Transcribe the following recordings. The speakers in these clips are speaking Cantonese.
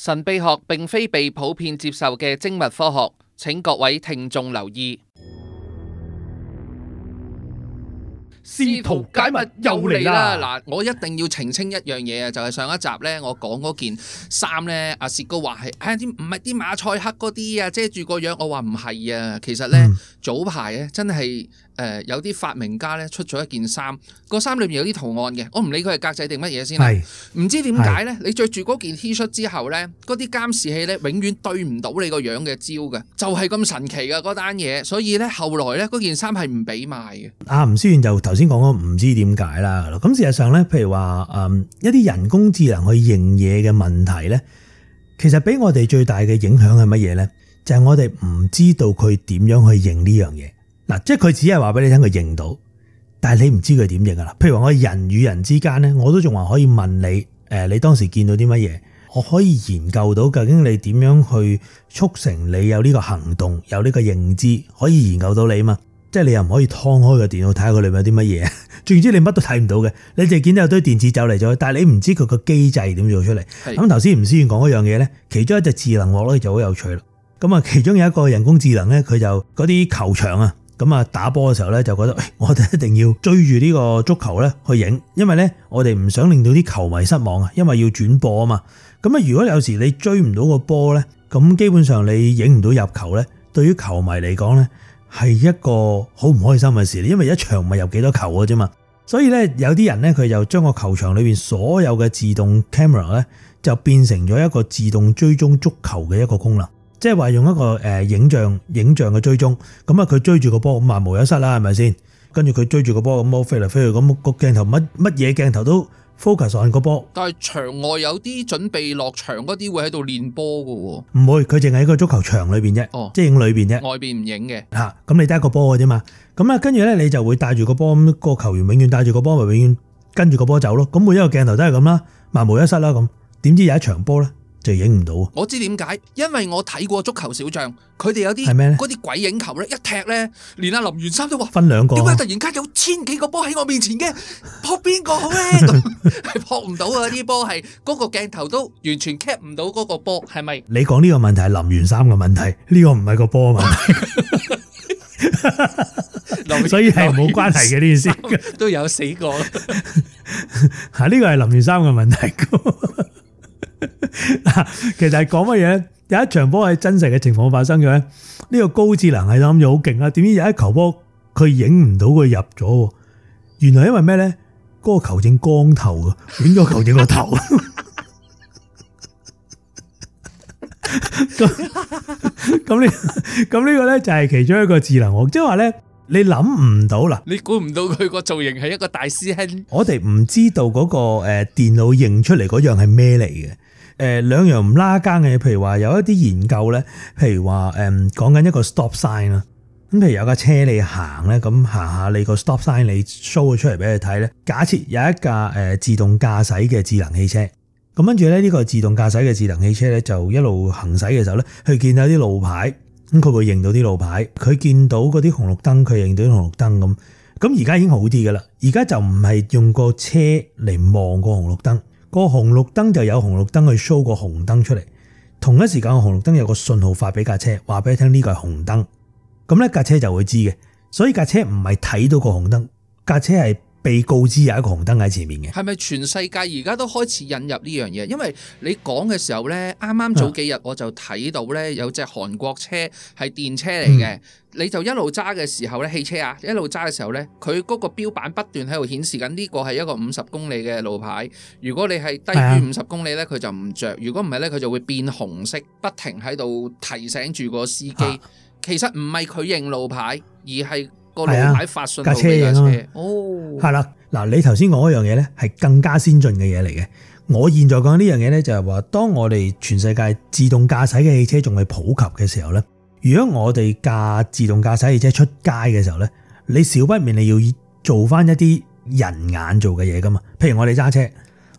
神秘學並非被普遍接受嘅精密科學，請各位聽眾留意。試圖解密又嚟啦！嗱， 我一定要澄清一樣嘢啊，就係、是、上一集呢，我講嗰件衫呢，阿薛高話係，唔係啲馬賽克嗰啲啊，遮住個樣，我話唔係啊，其實呢，早排啊，真係。誒有啲發明家咧出咗一件衫，個衫裏面有啲圖案嘅，我唔理佢係格仔定乜嘢先啦。唔知點解咧，你著住嗰件 T 恤之後咧，嗰啲監視器咧永遠對唔到你個樣嘅焦嘅，就係咁神奇嘅嗰單嘢。所以咧，後來咧嗰件衫係唔俾賣嘅。阿吳思遠就頭先講咗唔知點解啦。咁事實上咧，譬如話誒一啲人工智能去認嘢嘅問題咧，其實俾我哋最大嘅影響係乜嘢咧？就係我哋唔知道佢點樣去認呢樣嘢。嗱，即係佢只係話俾你聽佢認到，但係你唔知佢點認噶啦。譬如話我人與人之間咧，我都仲話可以問你，誒，你當時見到啲乜嘢？我可以研究到究竟你點樣去促成你有呢個行動，有呢個認知，可以研究到你嘛？即係你又唔可以劏開個電腦睇下佢裏面有啲乜嘢？總之你，你乜都睇唔到嘅，你就見到有堆電子走嚟走去，但係你唔知佢個機制點做出嚟。咁頭先吳思遠講一樣嘢咧，其中一隻智能鑊咧就好有趣啦。咁啊，其中有一個人工智能咧，佢就嗰啲球場啊。咁啊，打波嘅時候咧，就覺得我哋一定要追住呢個足球咧去影，因為咧我哋唔想令到啲球迷失望啊，因為要轉播啊嘛。咁啊，如果有時你追唔到個波咧，咁基本上你影唔到入球咧，對於球迷嚟講咧係一個好唔開心嘅事，因為一場咪有入幾多球嘅啫嘛。所以咧，有啲人咧佢就將個球場裏面所有嘅自動 camera 咧，就變成咗一個自動追蹤足球嘅一個功能。即係話用一個誒影像、影像嘅追蹤，咁啊佢追住個波，萬無一失啦，係咪先？跟住佢追住個波咁，飛嚟飛去，咁個鏡頭乜乜嘢鏡頭都 focus on 個波。但係場外有啲準備落場嗰啲會喺度練波㗎喎。唔會，佢淨係喺個足球場裏邊啫。哦，即係影裏邊啫，外邊唔影嘅。嚇，咁你得一個波㗎啫嘛。咁啊，跟住咧你就會帶住個波，個球員永遠帶住個波，咪永遠跟住個波走咯。咁每一個鏡頭都係咁啦，萬無一失啦。咁點知有一場波咧？就影唔到，啊，我知點解，因為我睇過足球小將，佢哋有啲啲鬼影球咧，一踢咧，連阿林元三都話分兩個，點解突然間有千幾個波喺我面前嘅，撲邊個好咧？咁撲唔到啊！啲波係嗰個鏡頭都完全 cap 唔到嗰個波，係咪？你講呢個問題係林元三嘅問題，呢、這個唔係個波問題， 所以係冇關係嘅呢件事，都 有死四過。呢個係林元三嘅問題。嗱， 其實係講乜嘢有一場波喺真實嘅情況發生嘅咧，呢、呢個高智能係諗住好勁啦。點知有一球波佢影唔到佢入咗，原來因為咩咧？嗰、嗰個球證光頭嘅，影咗球證個頭。咁咁呢咁呢個咧就係其中一個智能王。即係話咧你諗唔到啦。你估唔到佢個造型係一個大師兄。我哋唔知道嗰個誒電腦認出嚟嗰樣係咩嚟嘅。誒兩樣唔拉更嘅嘢，譬如話有一啲研究咧，譬如話誒講緊一個 stop sign 啦，咁譬如有架車你行咧，咁行下你個 stop sign 你 show 咗出嚟俾佢睇咧，假設有一架誒自動駕駛嘅智能汽車，咁跟住咧呢個自動駕駛嘅智能汽車咧就一路行駛嘅時候咧，佢見到啲路牌，咁佢會認到啲路牌，佢見到嗰啲紅綠燈，佢認到啲紅綠燈咁。咁而家已經好啲噶啦，而家就唔係用個車嚟望個紅綠燈。個紅綠燈就有紅綠燈去 show 個紅燈出嚟，同一時間個紅綠燈有個信號發俾架車，話俾佢聽呢個係紅燈，咁呢架車就會知嘅，所以架車唔係睇到個紅燈，架車係。被告知有一個紅燈喺前面嘅，係咪全世界而家都開始引入呢樣嘢？因為你講嘅時候呢，啱啱早幾日我就睇到呢，有隻韓國車係電車嚟嘅，嗯，你就一路揸嘅時候呢，汽車啊一路揸嘅時候呢，佢嗰個標板不斷喺度顯示緊呢個係一個五十公里嘅路牌。如果你係低於五十公里呢，佢就唔着；如果唔係呢，佢就會變紅色，不停喺度提醒住個司機。啊，其實唔係佢認路牌，而係。係啊，架車嘢啊嘛，哦，係啦，嗱，你頭先講嗰樣嘢咧，係更加先進嘅嘢嚟嘅。我現在講呢樣嘢咧，就係話，當我哋全世界自動駕駛嘅汽車仲未普及嘅時候咧，如果我哋駕自動駕駛汽車出街嘅時候咧，你少不免你要做翻一啲人眼做嘅嘢噶嘛，譬如我哋揸車。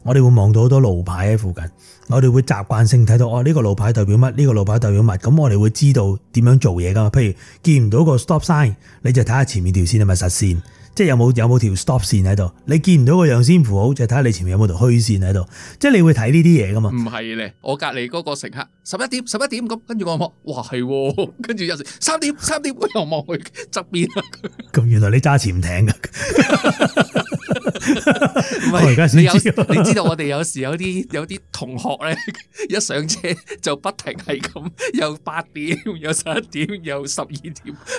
我哋會望到好多路牌喺附近，我哋會習慣性睇到哦，呢個路牌代表乜？呢個路牌代表乜？咁我哋會知道點樣做嘢㗎。譬如見唔到個 stop sign，你就睇下前面條線係咪實線。即係有冇有冇條 stop 線喺度？你見唔到個樣先符號，就睇下你前面有冇條虛線喺度。即係你會睇呢啲嘢㗎嘛？唔係咧，我隔離嗰個乘客十一點、十一點咁，跟住我望，哇係，跟住有時三點、三點我又望去側邊咁、啊、原來你揸潛艇㗎？你有你知道我哋有時有啲有啲同學咧，一上車就不停係咁，又八點，又十一點，又十二點，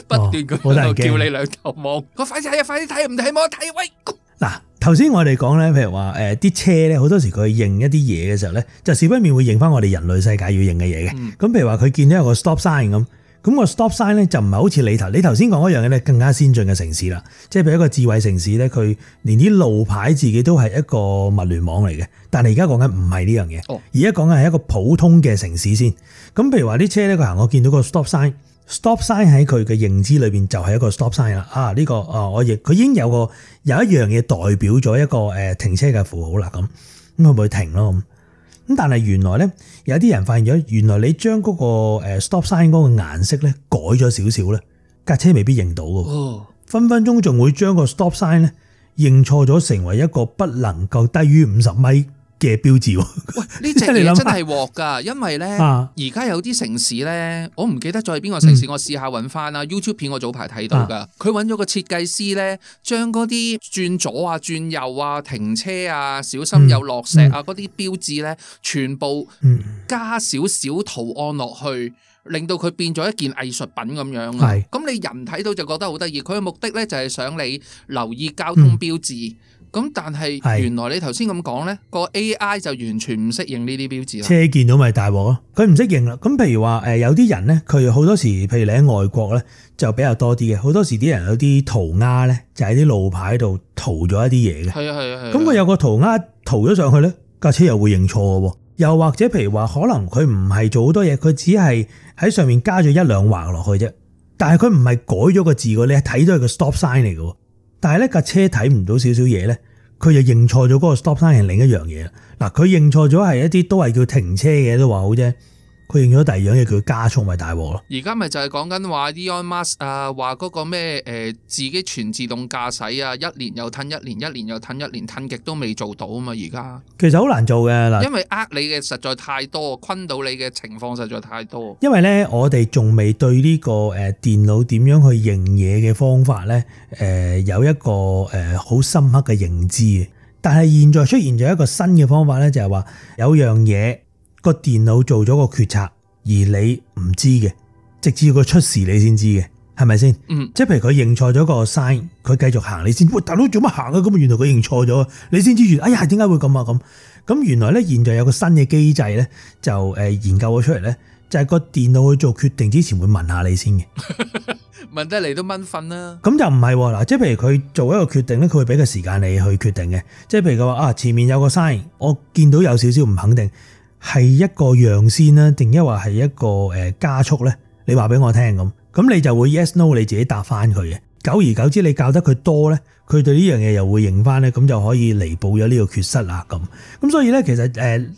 不斷咁叫你兩頭望、哦。我，我快啲啊，快睇唔睇我睇喂，嗱，頭先我哋講咧，譬如話誒啲車咧，好多時佢認一啲嘢嘅時候咧，就少不免會認翻我哋人類世界要認嘅嘢嘅。咁譬如話佢見到有個 stop sign 咁，咁個 stop sign 咧就唔係好似你頭你頭先講嗰樣嘢咧，更加先進嘅城市啦，即係譬如一個智慧城市咧，佢連啲路牌自己都係一個物聯網嚟嘅。但係而家講緊唔係呢樣嘢，而家講緊係一個普通嘅城市先。咁譬如話啲車咧，佢行我見到個 stop sign。stop sign 喺佢嘅認知裏邊就係一個 stop sign 啦、啊這個。啊，呢個啊，我亦佢已經有個有一樣嘢代表咗一個停車嘅符號啦。咁咁，佢會唔會停咯？咁咁，但係原來咧有啲人發現咗，原來你將嗰個 stop sign 嗰個顏色咧改咗少少咧，架車未必認到嘅。分分鐘仲會將個 stop sign 咧認錯咗，成為一個不能夠低於五十米嘅標誌喎，喂，呢隻真係鑊㗎，因為呢，而、啊、家有啲城市呢，我唔記得再係邊個城市，我試下揾翻啦。YouTube 片我早排睇到㗎，佢揾咗個設計師呢，將嗰啲轉左啊、轉右啊、停車啊、小心有落石啊嗰啲、嗯嗯、標誌呢，全部加少少圖案落去、嗯，令到佢變咗一件藝術品咁樣啊。咁你人睇到就覺得好得意，佢嘅目的呢，就係想你留意交通標誌。嗯咁但係原來你頭先咁講呢個 AI 就完全唔適應呢啲標誌啦。車見到咪大鑊咯。佢唔適應啦。咁譬如話有啲人呢，佢好多時，譬如你喺外國呢，就比較多啲嘅。好多時啲人有啲塗鴉呢，就喺啲路牌度塗咗一啲嘢嘅。係。咁佢有個塗鴉塗咗上去呢，架車又會認錯喎。又或者譬如話，可能佢唔係做好多嘢，佢只係喺上面加咗一兩畫落去啫。但係佢唔係改咗個字，你睇到係個 stop sign 嚟嘅。但係呢架車睇唔到少少嘢咧，佢就認錯咗嗰個 stop sign 係另一樣嘢啦。嗱，佢認錯咗係一啲都係叫停車嘅都話好啫。佢認咗第二樣嘢，佢加重咪大鑊咯。而家咪就係講緊話，Elon Musk 啊，話嗰個咩自己全自動駕駛啊，一年又褪一年，一年又褪一年，褪極都未做到啊嘛。而家其實好難做嘅嗱，因為呃你嘅實在太多，坤到你嘅情況實在太多。因為咧，我哋仲未對呢個誒電腦點樣去認嘢嘅方法咧，有一個好深刻嘅認知。但係現在出現咗一個新嘅方法咧，就係話有樣嘢。個電腦做咗個決策，而你唔知嘅，直至佢出事你先知嘅，係咪先？嗯，即係譬如佢認錯咗個 sign，佢繼續行你先。喂，大佬做乜行啊？咁原來佢認錯咗，你先知原。哎呀，點解會咁啊？咁咁原來咧，現在有個新嘅機制咧，就誒研究咗出嚟咧，就係、是、個電腦去做決定之前會問下你先嘅。 問得嚟都蚊瞓啦。咁就唔係嗱，即係譬如佢做一個決定咧，佢會俾個時間你去決定嘅。即係譬如佢話啊，前面有個 sign，我見到有少少唔肯定。係一個讓先啦定一話係一個誒加速咧？你話俾我聽咁，咁你就會 yes no 你自己答翻佢嘅。久而久之，你教得佢多咧，佢對呢樣嘢又會認翻咧，咁就可以彌補咗呢個缺失啦。咁咁所以咧，其實誒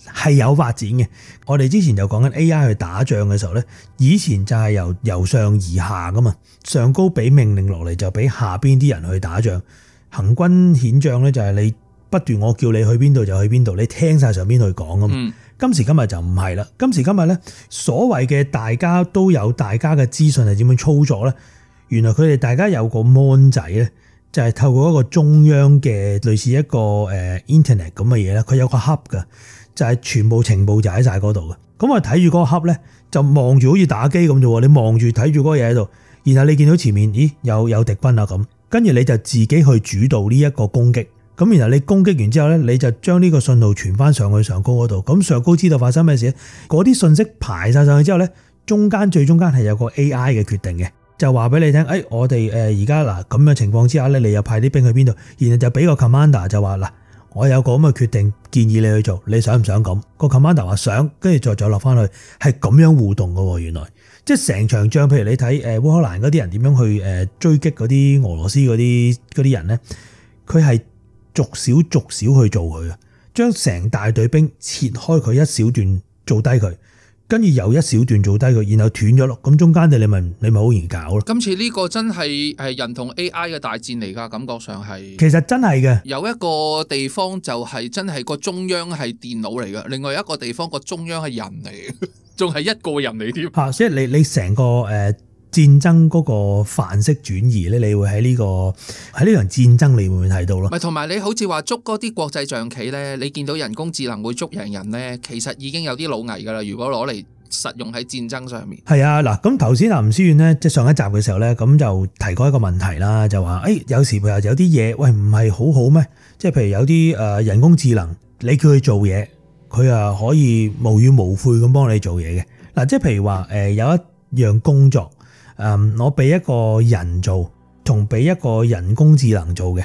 係、呃、有發展嘅。我哋之前就講緊 AI 去打仗嘅時候咧，以前就係由由上而下噶嘛，上高俾命令落嚟就俾下邊啲人去打仗。行軍顯象咧就係你不斷我叫你去邊度就去邊度，你聽晒上邊去講咁嘛。嗯今時今日就唔係啦，今時今日咧，所謂嘅大家都有大家嘅資訊係點樣操作咧？原來佢哋大家有個 mon 仔咧，就係透過一個中央嘅類似一個 internet 咁嘅嘢咧，佢有個 hub 嘅，就係全部情報就喺晒嗰度嘅。咁我睇住嗰個 hub 咧，就望住好似打機咁啫喎，你望住睇住嗰個嘢喺度，然後你見到前面咦有有敵軍啊咁，跟住你就自己去主導呢一個攻擊。咁然後你攻擊完之後咧，你就將呢個信號傳翻上去上高嗰度。咁上高知道發生咩事咧？嗰啲信息排晒上去之後咧，中間最中間係有個 AI 嘅決定嘅，就話俾你聽，誒、哎、我哋誒而家嗱咁嘅情況之下咧，你又派啲兵去邊度？然後就俾個 commander 就話嗱，我有個咁嘅決定建議你去做，你想唔想咁？個 commander 話想，跟住再再落翻去，係咁樣互動㗎喎。原來即係成場仗，譬如你睇誒烏克蘭嗰啲人點樣去誒追擊嗰啲俄羅斯嗰啲嗰啲人咧，佢係。逐少逐少去做佢啊，將成大隊兵切開佢一小段做低佢，跟住又一小段做低佢，然後斷咗咯。咁中間你咪你咪好難搞咯。今次呢個真係係人同 AI 嘅大戰嚟噶，感覺上係。其實真係嘅，有一個地方就係、是、真係個中央係電腦嚟嘅，另外一個地方個中央係人嚟，仲係一個人嚟添。吓、啊，即係你你成個誒。呃戰爭嗰個範式轉移咧，你會喺呢個喺呢場戰爭，你會唔會睇到咯？唔係同埋你好似話捉嗰啲國際象棋咧，你見到人工智能會捉人人咧，其實已經有啲老危㗎啦。如果攞嚟實用喺戰爭上面，係啊。嗱，咁頭先林思遠咧，即係上一集嘅時候咧，咁就提過一個問題啦，就話誒有時譬如有啲嘢，喂唔係好好咩？即係譬如有啲誒人工智能，你叫佢做嘢，佢啊可以無怨無悔咁幫你做嘢嘅。嗱，即係譬如話誒有一樣工作。誒，我俾一個人做同俾一個人工智能做嘅，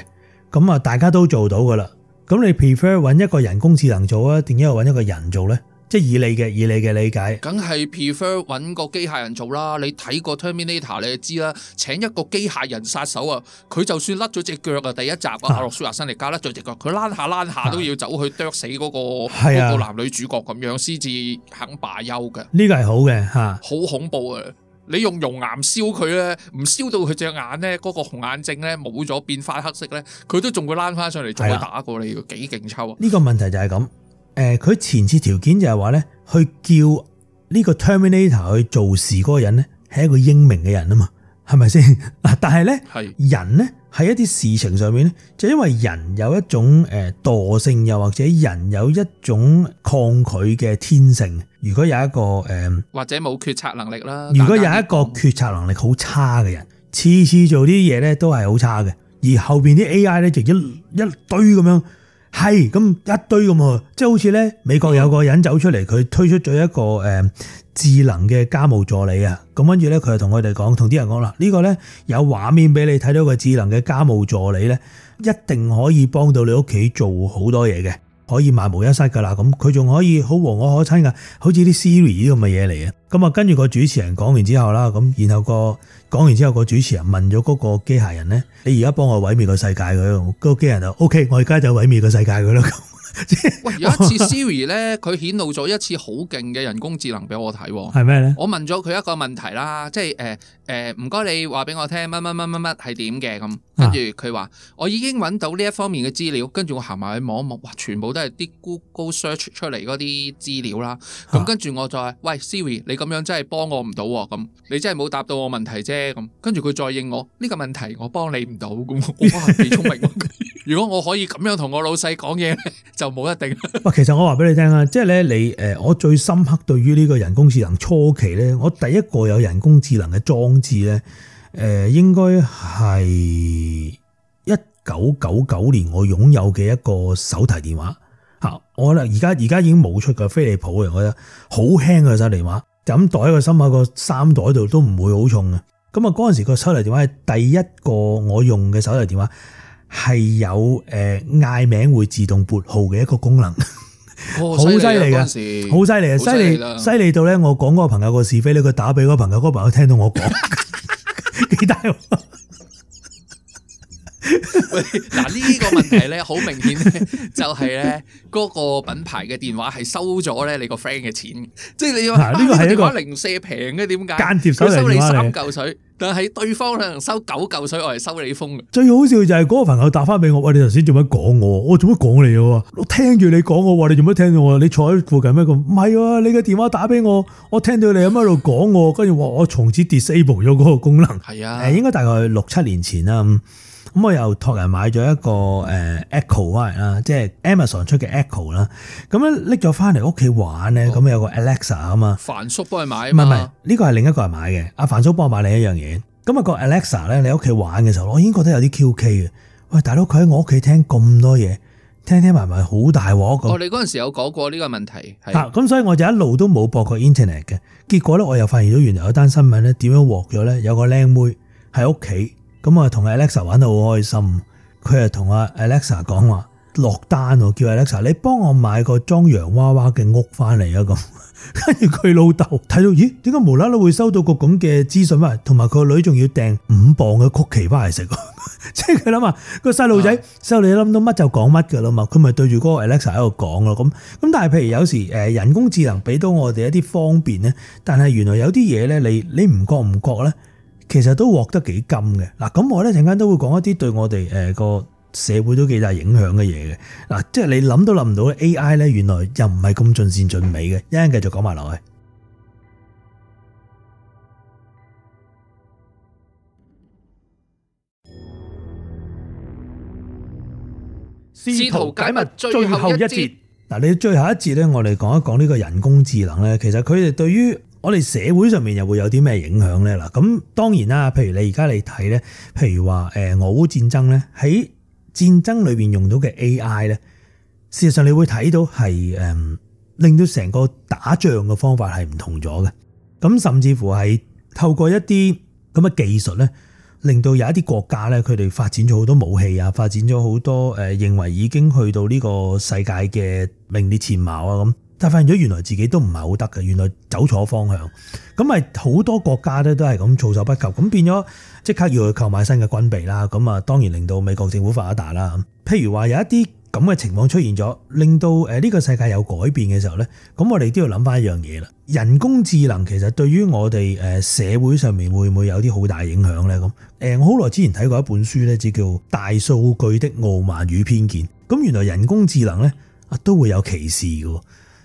咁啊，大家都做到噶啦。咁你 prefer 揾一個人工智能做啊，定係揾一個人做咧？即係以你嘅以你嘅理解，梗係 prefer 揾個機械人做啦。你睇過 Terminator 你就知啦，請一個機械人殺手啊，佢就算甩咗隻腳啊，第一集阿諾舒華辛力加甩咗隻腳佢躝下躝下都要走去剁死嗰個嗰個男女主角咁樣，先至肯罷休嘅。呢個係好嘅吓，好恐怖啊！你用熔岩燒佢咧，唔燒到佢隻眼咧，嗰個紅眼症咧冇咗變翻黑色咧，佢都仲會躝翻上嚟仲再打過你，幾勁抽？呢個問題就係咁，誒、呃，佢前置條件就係話咧，去叫呢個 Terminator 去做事嗰個人咧，係一個英明嘅人啊嘛，係咪先？ 但係咧呢，係的人咧。喺一啲事情上面咧，就是，因為人有一種誒惰性，又或者人有一種抗拒嘅天性。如果有一個誒，呃、或者冇決策能力啦。如果有一個決策能力好差嘅人，次次做啲嘢咧，都係好差嘅，而後邊啲 A.I. 咧就一一堆咁樣。係咁一堆咁喎，即係好似咧美國有個人走出嚟，佢推出咗一個誒智能嘅家務助理啊。咁跟住咧，佢就同我哋講，同啲人講啦，呢個咧有畫面俾你睇到個智能嘅家務助理咧，一定可以幫到你屋企做好多嘢嘅。可以萬無一失噶啦，咁佢仲可以好和我可親噶，好似啲 Siri 呢咁嘅嘢嚟啊！咁啊，跟住個主持人講完之後啦，咁然後個講完之後個主持人問咗嗰個機械人咧，你而家幫我毀滅個世界佢，個機械人就 OK，我而家就毀滅個世界佢咯。即 有一次 Siri 咧，佢顯露咗一次好勁嘅人工智能俾我睇，係咩咧？我問咗佢一個問題啦，即係誒。呃誒唔該，你話俾我聽乜乜乜乜乜係點嘅咁，跟住佢話我已經揾到呢一方面嘅資料，跟住我行埋去望一望，哇！全部都係啲 Google Search 出嚟嗰啲資料啦。咁跟住我再喂 Siri，你咁樣真係幫我唔到喎，咁你真係冇答到我問題啫。咁跟住佢再應我，呢個問題我幫你唔到咁。哇！幾聰明 如果我可以咁樣同我老細講嘢，就冇一定啦。其實我話俾你聽啊，即係咧你誒，我最深刻對於呢個人工智能初期呢，我第一個有人工智能嘅字咧，誒，應該係一九九九年我擁有嘅一個手提電話吓。我咧而家而家已經冇出過飛利浦嘅，我覺得好輕嘅手提電話，咁袋喺個心口個衫袋度都唔會好重嘅。咁啊，嗰陣時個手提電話係第一個我用嘅手提電話，係有誒嗌名會自動撥號嘅一個功能。好犀利嘅，好犀利啊！犀利，犀利到咧，我講嗰個朋友個是非咧，佢打俾嗰個朋友，嗰個朋友聽到我講，幾大鑊。嗱，呢個問題咧，好明顯咧，就係咧，嗰個品牌嘅電話係收咗咧你個 friend 嘅錢的是說說、啊，即係你要呢個係一個、啊這個、零舍平嘅，點解間接收你三嚿水，但係對方可能收九嚿水，我係收你封嘅。最好笑就係嗰個朋友打返俾我：喂，你頭先做乜講我？我做乜講你嘅？我聽住你講，我話你做乜聽我？你坐喺附近咩咁？唔係啊，你嘅電話打俾我，我聽到你喺度講我，跟住話我從此 disable 咗嗰個功能。係啊，應該大概六七年前啊。咁我又託人買咗一個誒 Echo o 啦，即係 Amazon 出嘅 Echo 啦。咁咧拎咗翻嚟屋企玩咧，咁有個 Alexa 啊嘛。凡叔幫佢買啊嘛。唔係唔係，呢個係另一個人買嘅。阿凡叔幫我買另一樣嘢。咁、那、啊個 Alexa 咧，你喺屋企玩嘅時候，我已經覺得有啲 QK 嘅。喂，大佬佢喺我屋企聽咁多嘢，聽聽埋埋好大鑊㗎。哦，你嗰陣時有講過呢個問題。咁、嗯、所以我就一路都冇播過 Internet 嘅。結果咧，我又發現到原來有單新聞咧，點樣獲咗咧？有個靚妹喺屋企。咁啊，同 Alexa 玩得好開心。佢又同阿 Alexa 講話落單喎，叫 Alexa，你幫我買個裝洋娃娃嘅屋翻嚟啊！咁，跟住佢老豆睇到，咦？點解無啦啦會收到個咁嘅資訊？同埋佢個女仲要訂五磅嘅曲奇翻嚟食。即係佢諗啊，個細路仔收你諗到乜就講乜噶啦嘛。佢咪對住嗰個 Alexa 喺度講咯。咁咁，但係譬如有時誒，人工智能俾到我哋一啲方便咧，但係原來有啲嘢咧，你你唔覺唔覺咧？其實都獲得幾金嘅嗱，咁我咧陣間都會講一啲對我哋誒個社會都幾大影響嘅嘢嘅嗱，即係你諗都諗唔到，AI 咧原來又唔係咁盡善盡美嘅，一陣繼續講埋落去。試圖解密最後一節嗱，你最後一節咧，節我哋講一講呢個人工智能咧，其實佢哋對於。我哋社會上面又會有啲咩影響呢？嗱，咁當然啦。譬如你而家你睇呢，譬如話誒俄烏戰爭呢，喺戰爭裏面用到嘅 AI 呢，事實上你會睇到係誒令到成個打仗嘅方法係唔同咗嘅。咁甚至乎係透過一啲咁嘅技術呢，令到有一啲國家呢，佢哋發展咗好多武器啊，發展咗好多誒，認為已經去到呢個世界嘅名列前茅啊咁。但係發現咗原來自己都唔係好得嘅，原來走錯方向，咁咪好多國家咧都係咁措手不及，咁變咗即刻要去購買新嘅軍備啦，咁啊當然令到美國政府發達啦。譬如話有一啲咁嘅情況出現咗，令到呢個世界有改變嘅時候呢，咁我哋都要諗翻一樣嘢啦。人工智能其實對於我哋社會上面會唔會有啲好大影響呢？咁我好耐之前睇過一本書呢，只叫《大數據的傲慢與偏見》，咁原來人工智能呢，啊都會有歧視嘅。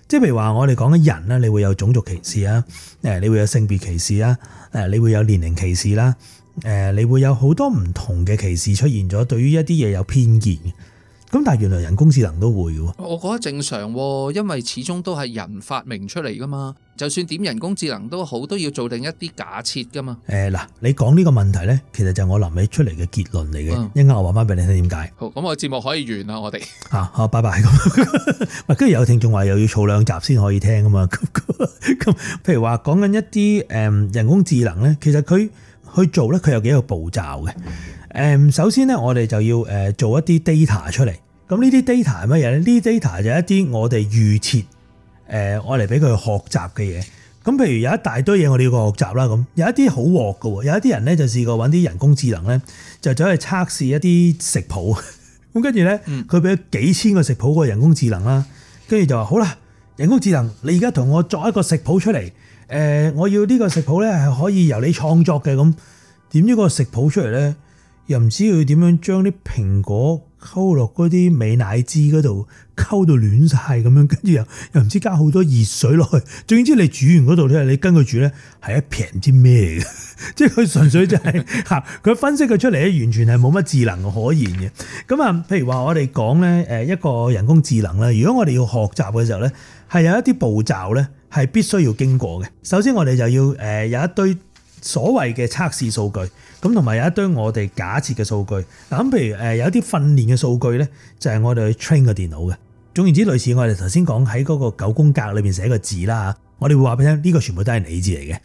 即係譬如話，我哋講嘅人咧，你會有種族歧視啊，誒，你會有性別歧視啊，誒，你會有年齡歧視啦，誒，你會有好多唔同嘅歧視出現咗，對於一啲嘢有偏見。咁但係原來人工智能都會嘅，我覺得正常，因為始終都係人發明出嚟噶嘛。就算點人工智能都好，都要做定一啲假設噶嘛。誒、呃、嗱，你講呢個問題咧，其實就係我諗起出嚟嘅結論嚟嘅。一、嗯、陣我話翻俾你聽點解。好，咁我節目可以完啦，我哋吓、好、拜拜。跟住有聽眾話又要儲兩集先可以聽㗎嘛。咁咁，譬如話講緊一啲誒人工智能咧，其實佢去做咧，佢有幾個步驟嘅。誒，首先咧，我哋就要做一啲 data 出嚟。咁呢啲 data 係乜嘢咧？呢 data 就係一啲我哋預設我愛嚟俾佢學習嘅嘢。咁譬如有一大堆嘢我哋要佢學習啦。咁有一啲好鑊㗎喎，有一啲人咧就試過搵啲人工智能咧，就走去測試一啲食譜。咁跟住咧，佢俾咗幾千個食譜過人工智能啦，跟住就話好啦，人工智能，你而家同我作一個食譜出嚟。誒，我要呢個食譜咧係可以由你創作嘅。咁點知個食譜出嚟咧？又唔知佢點樣將啲蘋果溝落嗰啲美奶滋嗰度溝到亂晒咁樣，跟住又又唔知加好多熱水落去。總之，你煮完嗰度咧，你跟佢煮咧係一平啲咩嘅？即係佢純粹就係嚇佢分析佢出嚟咧，完全係冇乜智能可言嘅。咁啊，譬如話我哋講咧，誒一個人工智能呢，如果我哋要學習嘅時候咧，係有一啲步驟咧係必須要經過嘅。首先我哋就要誒有一堆。所謂嘅測試數據咁，同埋有一堆我哋假設嘅數據。嗱咁，譬如誒有一啲訓練嘅數據咧，就係、是、我哋去 train 個電腦嘅。總言之，類似我哋頭先講喺嗰個九宮格裏邊寫個字啦嚇，我哋會話俾你聽，呢、這個全部都係你字嚟嘅。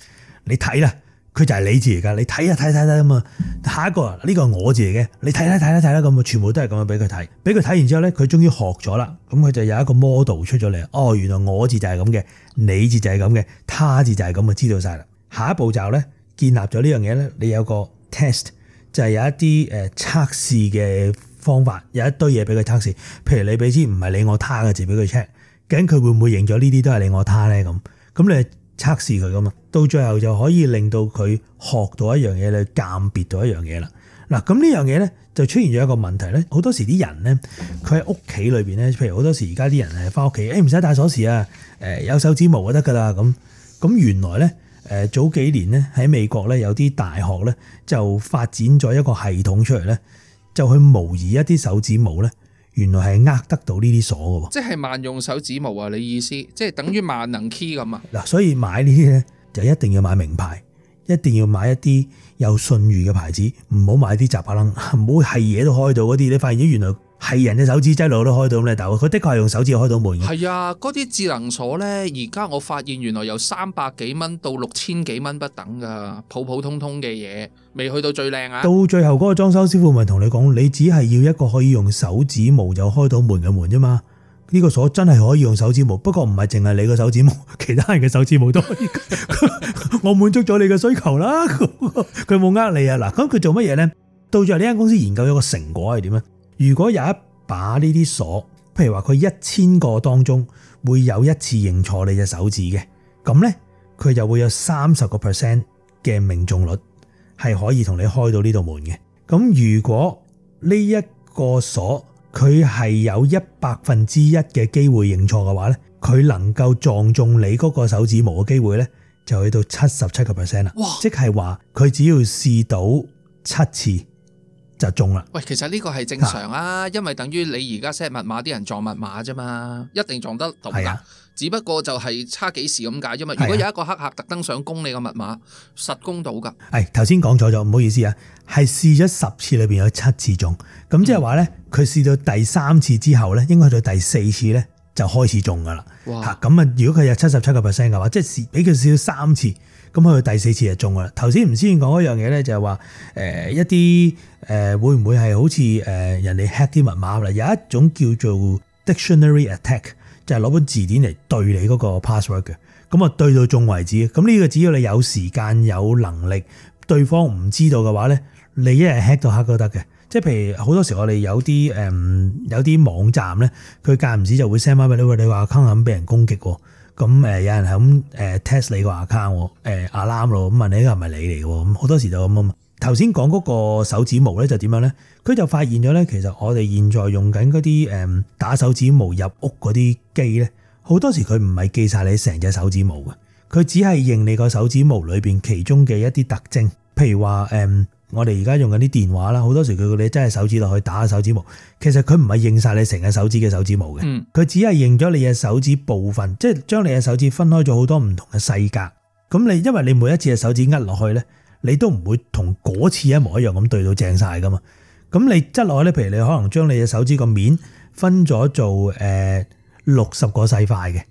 你睇啦，佢就係你字嚟噶。你睇下睇睇睇咁啊，下一個呢個係我字嚟嘅，你睇睇睇睇睇咁啊，全部都係咁樣俾佢睇，俾佢睇完之後咧，佢終於學咗啦。咁佢就有一個 model 出咗嚟。哦，原來我字就係咁嘅，你字就係咁嘅，他字就係咁啊，知道晒啦。下一步驟咧。建立咗呢樣嘢咧，你有個 test 就係有一啲誒測試嘅方法，有一堆嘢俾佢測試。譬如你俾支「唔係你我他」嘅字俾佢 check，究竟佢會唔會認咗呢啲都係你我他咧？咁咁你測試佢咁，到最後就可以令到佢學到一樣嘢，你鑑別到一樣嘢啦。嗱咁呢樣嘢咧就出現咗一個問題咧，好多時啲人咧佢喺屋企裏邊咧，譬如好多時而家啲人誒返屋企，誒唔使帶鎖匙啊，誒有手指模就得噶啦咁。咁原來咧。誒早幾年咧，喺美國咧有啲大學咧就發展咗一個系統出嚟咧，就去模擬一啲手指模咧，原來係呃得到呢啲鎖嘅喎。即係萬用手指模啊！你意思即係等於萬能 key 咁啊？嗱，所以買呢啲咧就一定要買名牌，一定要買一啲有信譽嘅牌子，唔好買啲雜把愣，唔好係嘢都開到嗰啲，你發現咗原來，係人嘅手指擠落都開到咧，但佢的確係用手指開到門。係啊，嗰啲智能鎖呢，而家我發現原來有三百幾蚊到六千幾蚊不等噶普普通通嘅嘢，未去到最靚啊。到最後嗰個裝修師傅咪同你講，你只係要一個可以用手指模就開到門嘅門啫嘛。呢個鎖真係可以用手指模，不過唔係淨係你個手指模，其他人嘅手指模都可以。 我滿足咗你嘅需求啦，佢冇呃你啊。嗱，咁佢做乜嘢呢？到最後呢間公司研究咗個成果係點呢？如果有一把呢啲鎖，譬如話佢一千個當中會有一次認錯你隻手指嘅，咁呢，佢就會有三十個 percent 嘅命中率係可以同你開到呢度門嘅。咁如果呢一個鎖佢係有一百分之一嘅機會認錯嘅話呢，佢能夠撞中你嗰個手指模嘅機會呢，就去到七十七個 percent 啦。哇！即係話佢只要試到七次。就中啦！喂，其實呢個係正常啊，因為等於你而家 set 密碼，啲人撞密碼啫嘛，一定撞得到噶。係，只不過就係差幾時咁解啫嘛。如果有一個黑客特登上攻你個密碼，實攻到噶。係頭先講錯咗，唔好意思啊。係試咗十次裏邊有七次中，咁即係話咧，佢試到第三次之後咧，應該到第四次咧就開始中噶啦。吓咁啊，如果佢有七十七個 percent 嘅話，即係試，俾佢試咗三次。咁佢第四次就中啦。頭先吳先講講一樣嘢咧，就係話一啲誒、呃、會唔會係好似誒、呃、人哋 hack 啲密碼啦？有一種叫做 dictionary attack，就係攞本字典嚟對你嗰個 password 嘅。咁啊對到中為止。咁呢個只要你有時間有能力，對方唔知道嘅話咧，你一日 hack 到黑都得嘅。即係譬如好多時候我哋有啲誒、嗯、有啲網站咧，佢間唔時就會 send message 你話 account 俾人攻擊喎。咁誒，有人係咁誒 test 你個 account，誒 alarm 咯，咁問你依個係咪你嚟嘅？咁好多時就咁啊！頭先講嗰個手指模咧，就點樣咧？佢就發現咗咧，其實我哋現在用緊嗰啲誒打手指模入屋嗰啲機咧，好多時佢唔係記晒你成隻手指模嘅，佢只係認你個手指模裏邊其中嘅一啲特徵，譬如話誒。我哋而家用嘅用緊啲電話啦，好多時佢叫你揸隻手指落去打手指模，其實佢唔係認晒你成個手指嘅手指模嘅，佢、嗯、只係認咗你嘅手指部分，即係將你嘅手指分開咗好多唔同嘅細格。咁你因為你每一次嘅手指握落去咧，你都唔會同嗰次一模一樣咁對到正晒噶嘛。咁你執落去咧，譬如你可能將你嘅手指個面分咗做誒六十個細塊嘅，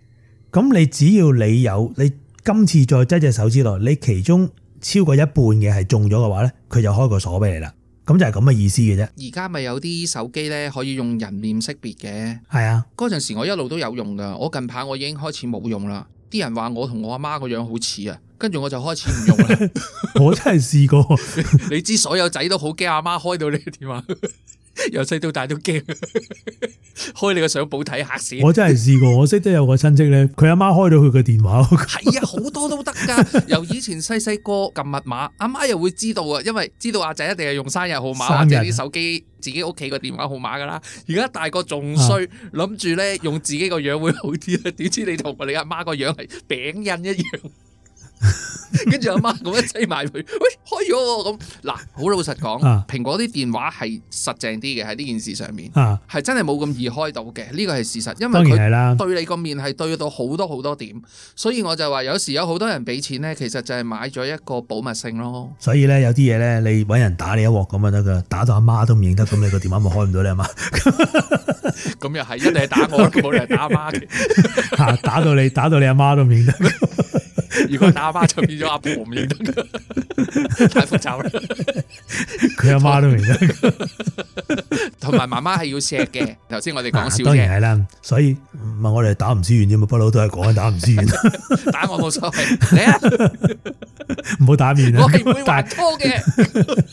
咁你只要你有你今次再執隻手指落，你其中。超過一半嘅係中咗嘅話呢佢就開個鎖俾你啦。咁就係咁嘅意思嘅啫。而家咪有啲手機呢可以用人臉識別嘅。係啊的，嗰陣時我一路都有用噶。我近排我已經開始冇用啦。啲人話我同我阿媽個樣好似啊，跟住我就開始唔用啦。 我真係試過， 你知所有仔都好驚阿媽開到呢個電話。 由細到大都驚， 開你個相簿睇下先。我真係試過， 我識得有個親戚咧，佢阿媽開到佢個電話。係 啊，好多都得噶。由以前細細個撳密碼，阿媽又會知道啊，因為知道阿仔一定係用生日號碼日或者啲手機自己屋企個電話號碼噶啦。而家大個仲衰，諗住咧用自己個樣會好啲啊。點 知你同我你阿媽個樣係餅印一樣。跟住阿媽咁一砌埋佢，喂、哎、開咗喎咁嗱，好老實講，蘋、啊、果啲電話係實正實淨啲嘅喺呢件事上面，係、啊、真係冇咁易開到嘅，呢、這個係事實。當然係啦，對你個面係對到好多好多點，所以我就話有時候有時有好多人俾錢咧，其實就係買咗一個保密性咯。所以咧，有啲嘢咧，你搵人打你一鑊咁啊得噶，打到阿媽都唔認得，咁你個電話咪開唔到你阿媽。咁又係一定打我，冇 人打阿媽。 打到你，打到你阿媽都唔認得。如果打阿媽就變咗阿婆，明唔明？太複雜啦， 佢阿媽都明。同埋媽媽係要錫嘅。頭先我哋講笑嘅，當然係啦。所以唔係我哋打唔知遠啫嘛，不嬲都係講緊打唔知遠。 打我冇所謂，你啊，唔好打面啊！ okay, 我哋唔會話拖嘅。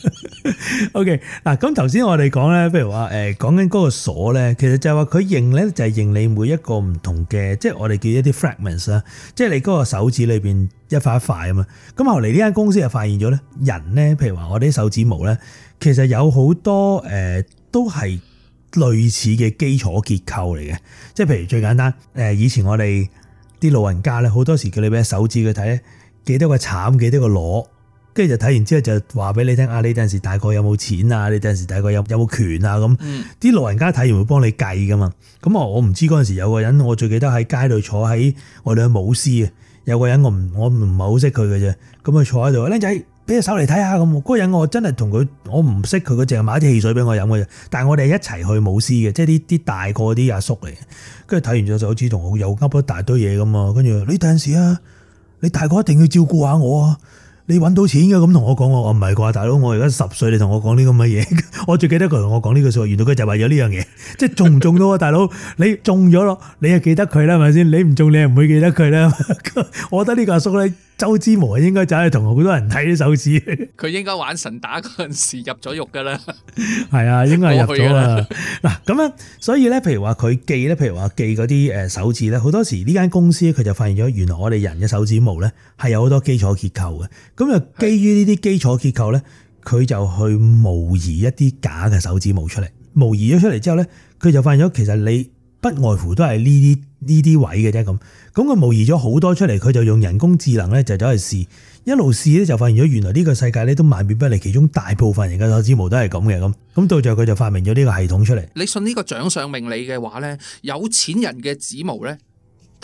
O K，嗱，咁頭先我哋講咧，譬如話誒，講緊嗰個鎖咧，其實就係話佢認咧就係認你每一個唔同嘅，即係我哋叫一啲 fragments 啦，即係你嗰個手指裏。一塊一塊吖嘛。咁後嚟呢間公司就發現咗咧，人咧，譬如話我啲手指模咧，其實有好多誒、呃，都係類似嘅基礎結構嚟嘅。即係譬如最簡單誒，以前我哋啲老人家咧，好多時叫你俾手指佢睇咧，幾多個慘，幾多個裸，跟住就睇完之後就話俾你聽啊，你陣時大概有冇錢啊？你陣時大概有有冇權啊？咁啲老人家睇完會幫你計噶嘛？咁啊，我唔知嗰陣時有個人，我最記得喺街度坐喺我哋嘅舞師啊！有個人我唔我唔係好識佢嘅啫，咁佢坐喺度，僆仔俾隻手嚟睇下咁。嗰個人我真係同佢，我唔識佢，佢淨係買啲汽水俾我飲嘅啫。但我哋一齊去舞獅嘅，即係啲啲大個啲阿叔嚟。跟住睇完咗就好似同我又噏咗一大堆嘢咁啊。跟住你第陣時啊，你大個一定要照顧下我啊！你搵到錢嘅咁同我講，我話唔係啩，大佬我而家十歲，你同我講呢咁嘅嘢，我最記得佢同我講呢句說話，原來佢就係為咗呢樣嘢，即係中唔中到啊？大佬你中咗咯，你係記得佢啦，係咪先？你唔中，你係唔會記得佢啦。我覺得個叔叔呢個阿叔咧。周之模應該就係同好多人睇啲手指，佢應該玩神打嗰陣時入咗肉噶啦。係啊，應該入咗啦。嗱咁樣，所以咧，譬如話佢記咧，譬如話記嗰啲手指咧，好多時呢間公司佢就發現咗，原來我哋人嘅手指模咧係有好多基礎結構嘅。咁就基於呢啲基礎結構咧，佢就去模擬一啲假嘅手指模出嚟。模擬咗出嚟之後咧，佢就發現咗，其實你不外乎都係呢啲。呢啲位嘅啫咁，咁佢模擬咗好多出嚟，佢就用人工智能咧，就走去試，一路試咧，就發現咗，原來呢個世界咧都萬變不離其中，大部分人嘅手指模都係咁嘅。咁咁到最後佢就發明咗呢個系統出嚟。你信呢個掌上命理嘅話咧，有錢人嘅指模咧？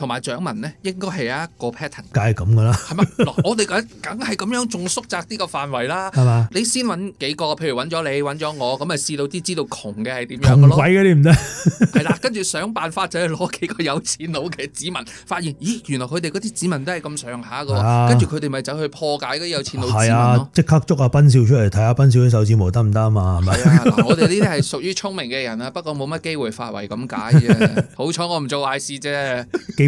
同埋掌紋咧，應該係一個 pattern。梗係咁噶啦，係嘛？嗱，我哋梗梗係咁樣，仲縮窄啲個範圍啦，係嘛？你先揾幾個，譬如揾咗你，揾咗我，咁啊試到啲知道窮嘅係點樣嘅鬼嘅你唔得，係 啦，跟住想辦法就去攞幾個有錢佬嘅指紋，發現咦，原來佢哋嗰啲指紋都係咁上下嘅喎。跟住佢哋咪走去破解嗰啲有錢佬指紋。係啊，即刻捉阿斌少出嚟睇下，斌少啲手指模得唔得啊？嘛係咪啊？我哋呢啲係屬於聰明嘅人啊，不過冇乜機會發圍咁解啫。 好彩我唔做壞事啫。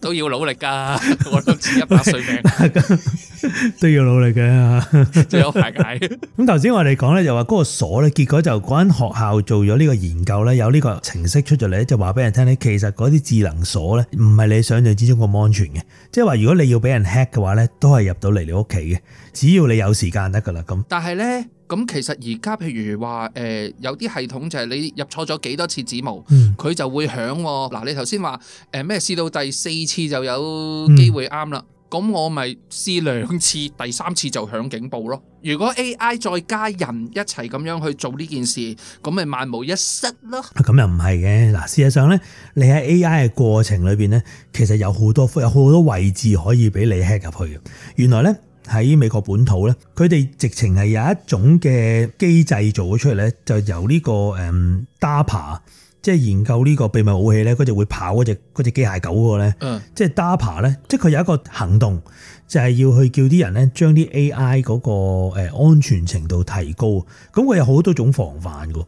都要努力噶，我都知一百歲命 都要努力嘅，最好快解。咁頭先我哋講咧，就話嗰個鎖咧，結果就嗰間學校做咗呢個研究咧，有呢個程式出咗嚟，就話俾人聽咧，其實嗰啲智能鎖咧，唔係你想象之中咁安全嘅，即係話如果你要俾人 hack 嘅話咧，都係入到嚟你屋企嘅，只要你有時間得噶啦。咁但係咧，咁其實而家譬如話誒，有啲系統就係你入錯咗幾多次指模，佢就會響。嗱、嗯，你頭先話誒咩試到第四？第二次就有機會啱啦，咁、嗯、我咪試兩次，第三次就響警報咯。如果 AI 再加人一齊咁樣去做呢件事，咁咪萬無一失咯。咁又唔係嘅，嗱，事實上呢，你喺 AI 嘅過程裏面呢，其實有好多，有好多位置可以俾你 hack 入去嘅。原來呢，喺美國本土呢，佢哋直情係有一種嘅機制做咗出嚟呢，就由呢個誒 DARPA。即、就、係、是、研究呢個秘密武器咧，佢就會跑嗰隻嗰隻機械狗個咧，即係 DARPA 咧，即係佢有一個行動就係、是、要去叫啲人咧，將啲 AI 嗰個誒安全程度提高，咁佢有好多種防範嘅。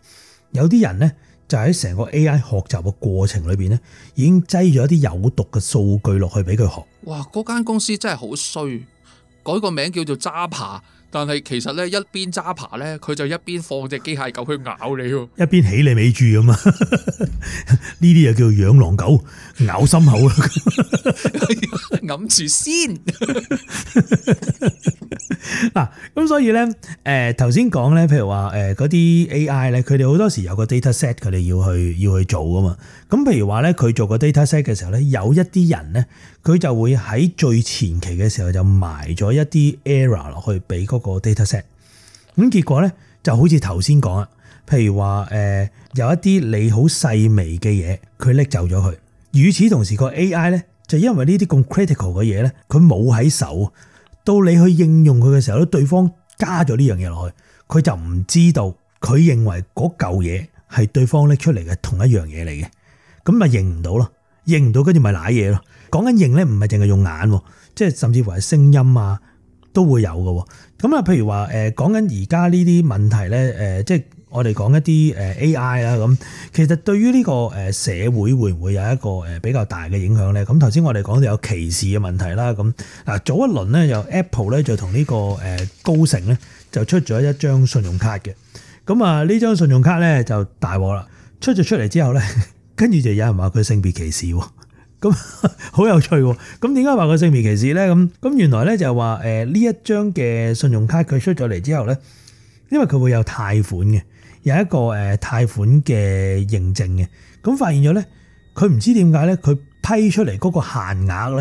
有啲人咧就喺成個 AI 學習嘅過程裏邊咧，已經擠咗一啲有毒嘅數據落去俾佢學。哇！嗰間公司真係好衰，改個名叫做揸扒。但係其實咧一邊揸爬咧，佢就一邊放隻機械狗去咬你喎。一邊起你尾注咁啊！呢啲又叫做養狼狗咬心口啊！揞住先嗱，咁所以咧，誒頭先講咧，譬如話誒嗰啲 AI 咧，佢哋好多時有個 data set，佢哋要去要去做啊嘛。咁譬如話咧，佢做個 data set 嘅時候咧，有一啲人咧。佢就會喺最前期嘅時候就埋咗一啲 error 落去，俾嗰個 dataset。咁結果咧就好似頭先講啦，譬如話誒有一啲你好細微嘅嘢，佢拎走咗佢。與此同時，個 AI 咧就因為呢啲咁 critical 嘅嘢咧，佢冇喺手。到你去應用佢嘅時候咧，對方加咗呢樣嘢落去，佢就唔知道。佢認為嗰嚿嘢係對方拎出嚟嘅同一樣嘢嚟嘅，咁咪認唔到咯？認唔到跟住咪賴嘢咯？講緊認咧，唔係淨係用眼，即係甚至乎係聲音啊，都會有嘅。咁啊，譬如話誒，講緊而家呢啲問題咧，誒，即係我哋講一啲誒 AI 啦，咁其實對於呢個誒社會會唔會有一個誒比較大嘅影響咧？咁頭先我哋講到有歧視嘅問題啦。咁嗱，早一輪咧就 Apple 咧就同呢個誒高盛咧就出咗一張信用卡嘅。咁啊呢張信用卡咧就大鑊啦，出咗出嚟之後咧，跟住就有人話佢性別歧視。咁 好有趣喎！咁點解話佢性別歧視咧？咁咁原來咧就話呢一張嘅信用卡佢出咗嚟之後咧，因為佢會有貸款嘅，有一個誒貸款嘅認證嘅。咁發現咗咧，佢唔知點解咧，佢批出嚟嗰個限額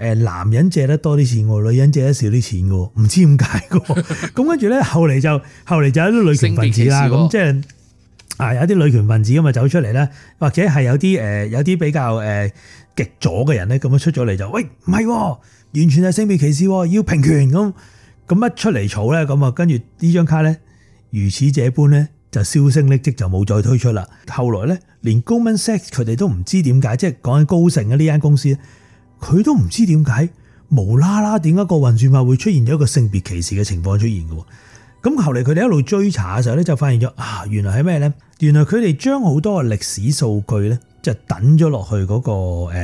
咧，男人借得多啲錢喎，女人借得少啲錢喎，唔知點解喎。咁跟住咧，後嚟就後嚟就係一啲女性分子啦，咁即係啊！有啲女權分子咁啊走出嚟咧，或者係有啲有啲比較誒、呃、極左嘅人咧，咁樣出咗嚟就，喂唔係、啊，完全係性別歧視喎，要平權咁咁一出嚟吵咧，咁啊跟住呢張卡咧，如此這般咧就銷聲匿跡，就冇再推出啦。後來咧，連 Goldman Sachs 佢哋都唔知點解，即係講緊高盛嘅呢間公司，佢都唔知點解無啦啦點解個運算法會出現咗一個性別歧視嘅情況出現嘅。咁後嚟佢哋一路追查嘅時候咧，就發現咗啊，原來係咩呢？原來佢哋將好多嘅歷史數據咧、那個，就等咗落去嗰個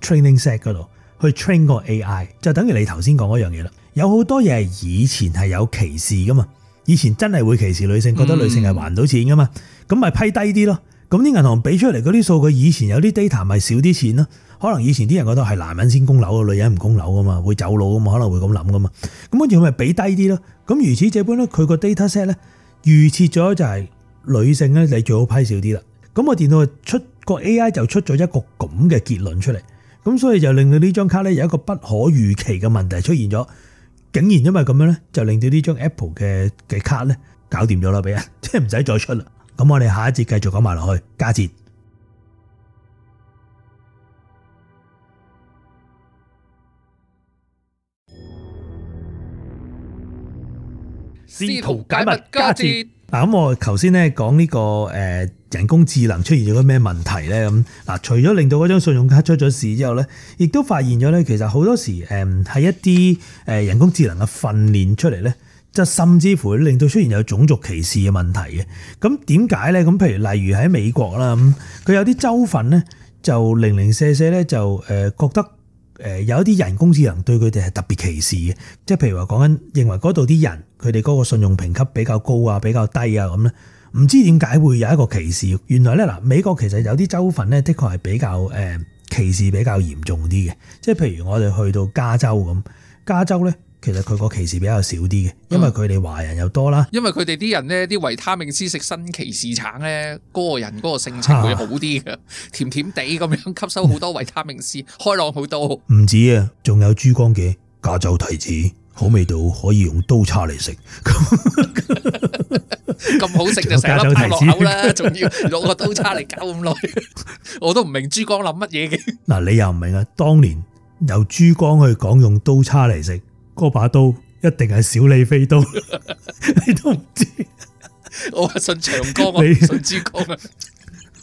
training set 嗰度去 train 個 AI，就等於你頭先講嗰樣嘢啦。有好多嘢係以前係有歧視噶嘛，以前真係會歧視女性，覺得女性係還唔到錢噶嘛，咁、嗯、咪批低啲咯。咁啲銀行俾出嚟嗰啲數據，以前有啲 data 咪少啲錢咯。可能以前啲人覺得係男人先供樓，個女人唔供樓㗎嘛，會走佬㗎嘛，可能會咁諗噶嘛。咁跟住佢咪俾低啲咯。咁如此這般咧，佢個 data set 咧，預設咗就係女性咧，你最好批少啲啦。咁個電腦出個 AI 就出咗一個咁嘅結論出嚟。咁所以就令到呢張卡咧有一個不可預期嘅問題出現咗，竟然因為咁樣咧，就令到呢張 Apple 嘅嘅卡咧搞掂咗啦，俾人即係唔使再出啦。咁我哋下一節繼續講埋落去，加節試圖解密加節。嗱，咁我頭先咧講呢個誒人工智能出現咗咩問題咧，咁嗱，除咗令到嗰張信用卡出咗事之後咧，亦都發現咗咧，其實好多時誒係一啲誒人工智能嘅訓練出嚟咧。即係甚至乎令到出現有種族歧視嘅問題嘅，咁點解咧？咁譬如例如喺美國啦，咁佢有啲州份咧就零零舍舍咧就誒覺得誒有一啲人工智能對佢哋係特別歧視嘅，即係譬如話講緊認為嗰度啲人佢哋嗰個信用評級比較高啊，比較低啊咁咧，唔知點解會有一個歧視。原來咧嗱，美國其實有啲州份咧，的確係比較誒歧視比較嚴重啲嘅，即係譬如我哋去到加州咁，加州咧。其實佢個歧視比較少啲嘅，因為佢哋華人又多啦。因為佢哋啲人咧，啲維他命 C 食新奇士橙咧，嗰個人嗰個性情會好啲嘅，甜甜地咁樣吸收好多維他命 C，開朗好多。唔止啊，仲有珠江嘅加州提子，好味道，可以用刀叉嚟食。咁好食就成粒落口啦，仲要攞個刀叉嚟搞咁耐，我都唔明珠江諗乜嘢嘅。嗱，你又唔明啊？當年由珠江去講用刀叉嚟食。嗰把刀一定係小李飛刀， 你都唔知。我話信長江啊，你我信之江啊。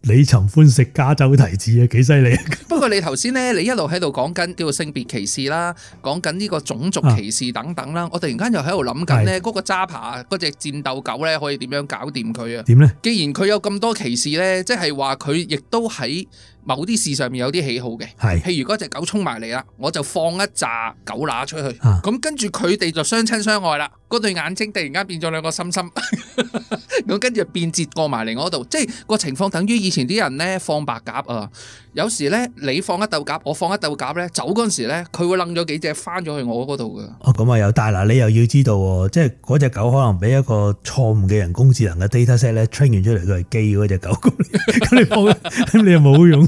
李尋歡食加州提子啊，幾犀利啊！不過你頭先咧，你一路喺度講緊叫做性別歧視啦，講緊呢個種族歧視等等啦，啊、我突然間又喺度諗緊咧，嗰、嗰個渣扒嗰隻戰鬥狗咧，可以點樣搞掂佢啊？點咧？既然佢有咁多歧視咧，即係話佢亦都喺。某啲事上面有啲喜好嘅，係譬如嗰隻狗衝埋嚟啦，我就放一紮狗乸出去，咁、啊、跟住佢哋就相親相愛啦。嗰對眼睛突然間變咗兩個心心，咁 跟住變節過埋嚟我度，即係個情況等於以前啲人咧放白鴿啊。有時咧你放一竇鴿，我放一竇鴿咧走嗰陣時咧，佢會楞咗幾隻翻咗去我嗰度嘅。哦、啊，咁啊有，大嗱，你又要知道，即係嗰隻狗可能俾一個錯誤嘅人工智能嘅 data set 咧 train 完出嚟，佢係基嗰隻狗咁，你 咁 你又冇用。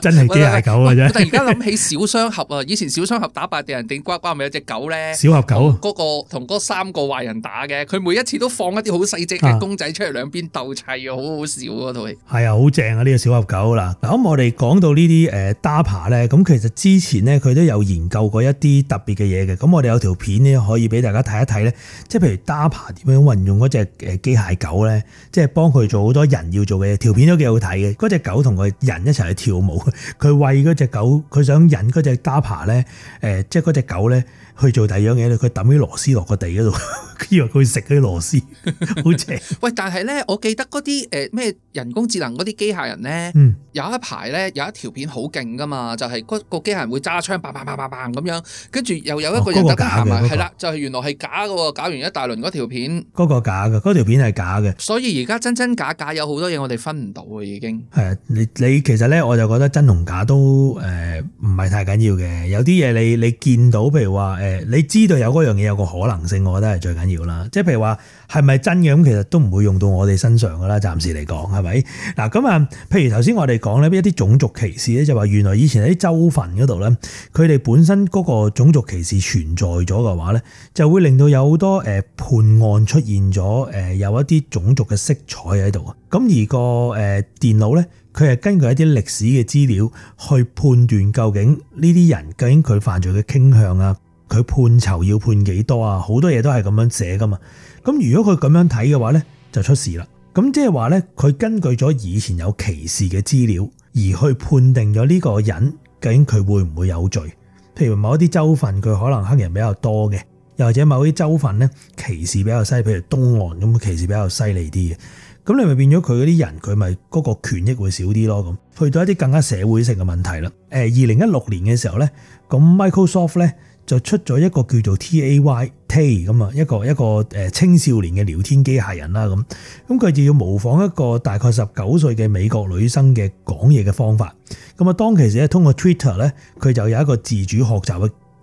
真係機械狗嘅啫？突然間諗起小雙俠啊！ 以前小雙俠打敗第人定呱呱，咪有隻狗咧。小俠狗啊！嗰、那個同嗰三個壞人打嘅，佢每一次都放一啲好細隻嘅公仔出嚟、啊、兩邊鬥砌，好好笑喎套戲。係啊，好正啊！呢、啊呢個小俠狗啦。嗱、啊，咁、嗯、我哋講到呢啲誒 DARPA 咧，咁其實之前咧佢都有研究過一啲特別嘅嘢嘅。咁我哋有條片咧可以俾大家睇一睇咧，即係譬如 DARPA 點樣運用嗰隻誒機械狗咧，即、就、係、是、幫佢做好多人要做嘅嘢。條片都幾好睇嘅，嗰隻狗同個人一齊去跳舞。佢餵嗰隻狗，佢想引嗰隻加 a 咧，誒，即係嗰隻狗咧。去做第二樣嘢咧，佢抌啲螺絲落個地嗰度，佢以為佢食啲螺絲，好邪。喂，但係咧，我記得嗰啲誒咩人工智能嗰啲機械人咧，有一排咧有一條片好勁㗎嘛，就係嗰個機械人會揸槍，叭叭叭叭叭咁樣，跟住又有一個人得閒啊，係啦，就係原來係假嘅喎，搞完一大輪嗰條片，嗰個假嘅，嗰條片係假嘅。所以而家真真假假有好多嘢，我哋分唔到啊，已經。係啊，你你其實咧，我就覺得真同假都誒唔係太緊要嘅，有啲嘢你你見到，譬如話誒。誒，你知道有嗰樣嘢，有個可能性，我覺得係最緊要啦。即係譬如話係咪真嘅，其實都唔會用到我哋身上噶啦，暫時嚟講係咪？嗱，咁啊，譬如頭先我哋講咧，一啲種族歧視咧，就話原來以前喺州份嗰度咧，佢哋本身嗰個種族歧視存在咗嘅話咧，就會令到有好多誒判案出現咗誒有一啲種族嘅色彩喺度啊。咁而個誒電腦咧，佢係根據一啲歷史嘅資料去判斷究竟呢啲人究竟佢犯罪嘅傾向啊。佢判囚要判幾多啊？好多嘢都係咁樣寫噶嘛。咁如果佢咁樣睇嘅話呢，就出事啦。咁即係話呢，佢根據咗以前有歧視嘅資料而去判定咗呢個人究竟佢會唔會有罪，譬如某一啲州份佢可能黑人比較多嘅，又或者某啲州份呢，歧視比較犀利，譬如東岸咁佢歧視比較犀利啲嘅。咁你咪變咗佢嗰啲人，佢咪嗰個權益會少啲咯。咁去到一啲更加社會性嘅問題啦。誒，二零一六年嘅時候呢，咁 Microsoft 呢。就出咗一個叫做 Tay Tay 咁啊，一個一個誒青少年嘅聊天機械人啦咁，咁佢就要模仿一個大概十九歲嘅美國女生嘅講嘢嘅方法。咁啊，當其時咧通過 Twitter 咧，佢就有一個自主學習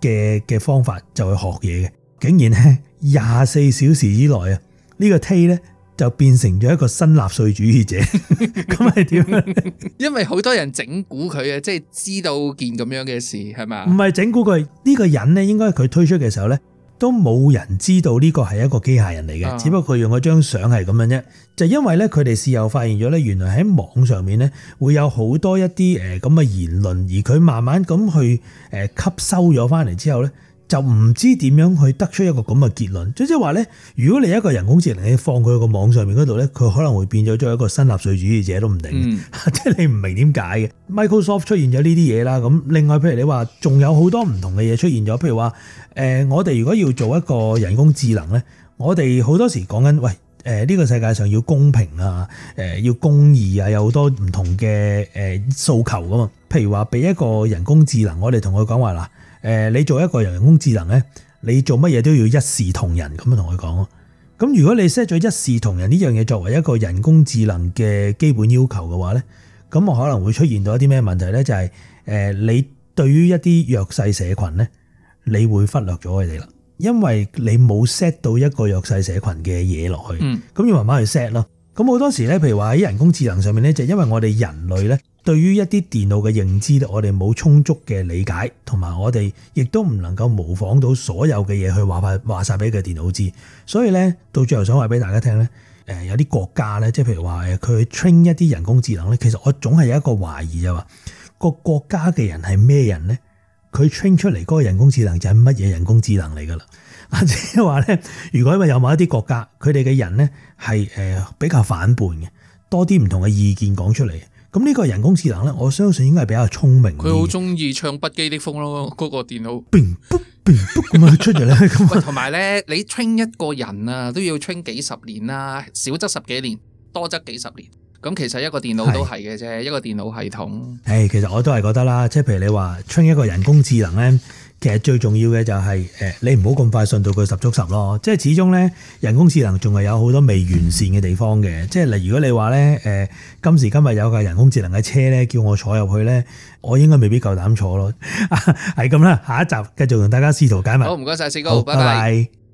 嘅嘅嘅方法，就去學嘢嘅。竟然咧廿四小時以內啊，呢個 Tay 咧～就變成咗一個新納粹主義者。 是，咁係點咧？因為好多人整蠱佢啊，即、就、係、是、知道件咁樣嘅事係嘛？唔係整蠱佢，呢、這個人咧應該佢推出嘅時候咧，都冇人知道呢個係一個機械人嚟嘅、啊，只不過佢用嗰張相係咁樣啫。就是、因為咧，佢哋事後發現咗咧，原來喺網上面咧會有好多一啲誒咁嘅言論，而佢慢慢咁去吸收咗翻嚟之後咧。就唔知點樣去得出一個咁嘅結論，即係話咧，如果你一個人工智能你放佢個網上面嗰度咧，佢可能會變咗做一個新納粹主義者都唔定，即、嗯、係 你唔明點解嘅。Microsoft 出現咗呢啲嘢啦，咁另外譬如你話仲有好多唔同嘅嘢出現咗，譬如話誒，我哋如果要做一個人工智能咧，我哋好多時講緊喂呢、呢個世界上要公平啊，要公義啊，有好多唔同嘅誒訴求噶嘛，譬如話俾一個人工智能，我哋同佢講話嗱。誒，你做一個人工智能咧，你做乜嘢都要一視同仁咁樣同佢講咯。咁如果你 set 咗一視同仁呢樣嘢作為一個人工智能嘅基本要求嘅話咧，咁我可能會出現到一啲咩問題咧？就係誒，你對於一啲弱勢社群咧，你會忽略咗佢哋啦，因為你冇 set 到一個弱勢社群嘅嘢落去，咁要慢慢去 set 咯。咁好多時咧，譬如話喺人工智能上面咧，就因為我哋人類咧對於一啲電腦嘅認知咧，我哋冇充足嘅理解，同埋我哋亦都唔能夠模仿到所有嘅嘢去話曬晒俾佢電腦知。所以咧，到最後想話俾大家聽咧，誒有啲國家咧，即係譬如話誒佢去 train 一啲人工智能咧，其實我總係有一個懷疑就話個國家嘅人係咩人咧，佢 train 出嚟嗰個人工智能就係乜嘢人工智能嚟㗎啦。或者話咧，如果因為有某一啲國家，佢哋嘅人咧係誒比較反叛嘅，多啲唔同嘅意見講出嚟，咁呢個人工智能咧，我相信應該係比較聰明。佢好中意唱不羈的風咯，嗰個電腦。噉樣出嚟咧。同埋咧，你 train 一個人啊，都要 train 幾十年啦，少則十幾年，多則幾十年。咁其實一個電腦都係嘅啫，一個電腦系統。係，其實我都係覺得啦，即係譬如你話 train 一個人工智能咧。其實最重要嘅就係誒，你唔好咁快信到佢十足十咯，即係始終咧人工智能仲係有好多未完善嘅地方嘅，即係例如果你話咧誒今時今日有架人工智能嘅車咧，叫我坐入去咧，我應該未必夠膽坐咯，係咁啦，下一集繼續同大家試圖解密。好，唔該晒四哥，好，拜拜。Bye bye